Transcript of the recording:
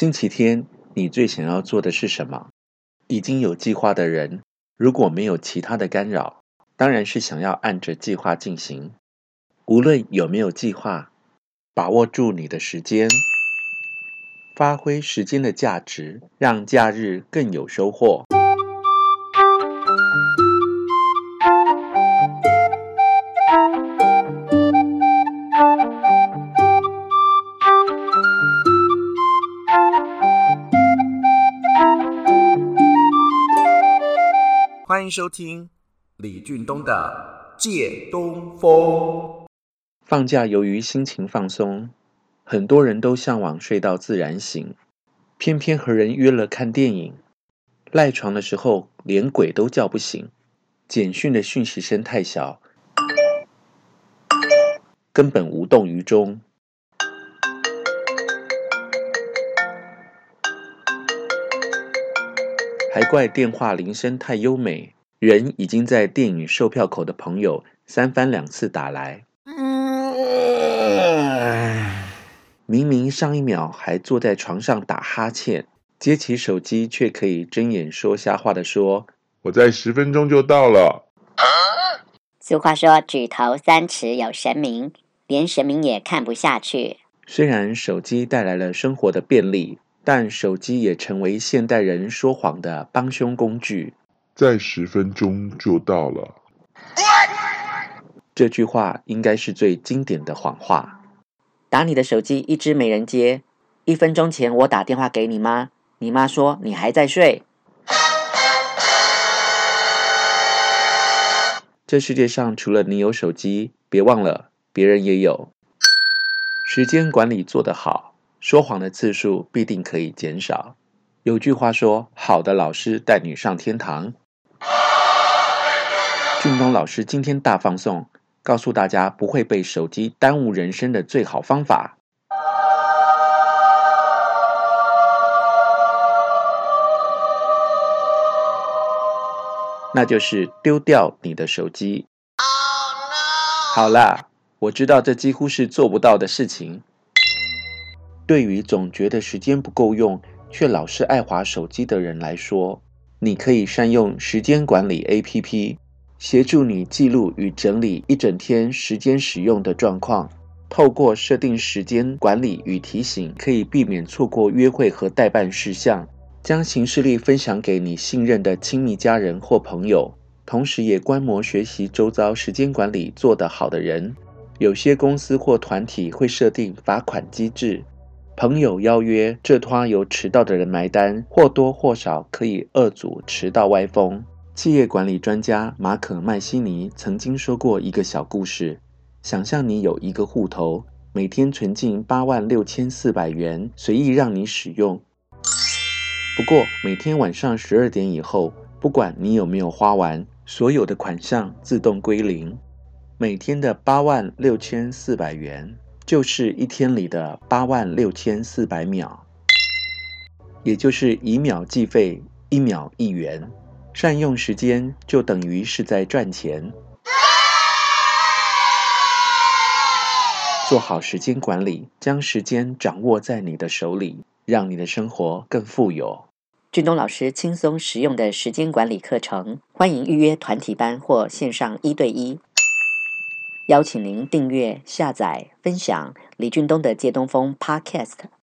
星期天，你最想要做的是什麼？已經有計劃的人，如果沒有其他的干擾，當然是想要按着計劃進行。無論有沒有計劃，把握住你的時間，發揮時間的價值，讓假日更有收穫。歡迎收聽李俊東的《借東風》。放假由於心情放鬆，很多人都嚮往睡到自然醒，偏偏和人約了看電影，賴床的時候連鬼都叫不醒，簡訊的訊息聲太小，根本無動於衷。還怪電話鈴聲太優美，人已經在電影售票口的朋友三番兩次打來。嗯。明明上一秒還坐在床上打哈欠，接起手機卻可以睜眼說瞎話的說：“我在十分鐘就到了。”俗話說：“舉頭三尺有神明”，連神明也看不下去。雖然手機帶來了生活的便利。但手機也成為現代人說謊的幫凶工具。再十分鐘就到了。這句話應該是最經典的謊話。打你的手機一直沒人接，一分鐘前我打電話給你媽，你媽說你還在睡。這世界上除了你有手機，別忘了，別人也有。時間管理做得好，說謊的次數必定可以減少。有句話說：“好的老師帶你上天堂。”俊東老師今天大放送，告訴大家不會被手機耽誤人生的最好方法，那就是丟掉你的手機。好啦，我知道這幾乎是做不到的事情。對於總覺得時間不夠用卻老是愛滑手機的人來說，你可以善用時間管理 APP，協助你記錄與整理一整天時間使用的狀況。透過設定時間管理與提醒，可以避免錯過約會和待辦事項。將行事曆分享給你信任的親密家人或朋友，同時也觀摩學習周遭時間管理做得好的人。有些公司或團體會設定罰款機制。朋友邀約，這趟由遲到的人埋單，或多或少可以遏阻遲到歪風。企業管理專家馬可·麥西尼曾經說過一個小故事：想象你有一個戶頭，每天存進八萬六千四百元，隨意讓你使用。不過每天晚上十二點以後，不管你有沒有花完，所有的款項自動歸零，每天的八萬六千四百元。就是一天裡的八萬六千四百秒，也就是以秒計費，一秒一元。善用時間就等於是在賺錢。啊、做好時間管理，將時間掌握在你的手裡，讓你的生活更富有。俊東老師輕鬆實用的時間管理課程，歡迎預約團體班或線上一對一。邀請您訂閱、下載、分享李俊東的《借東風》Podcast。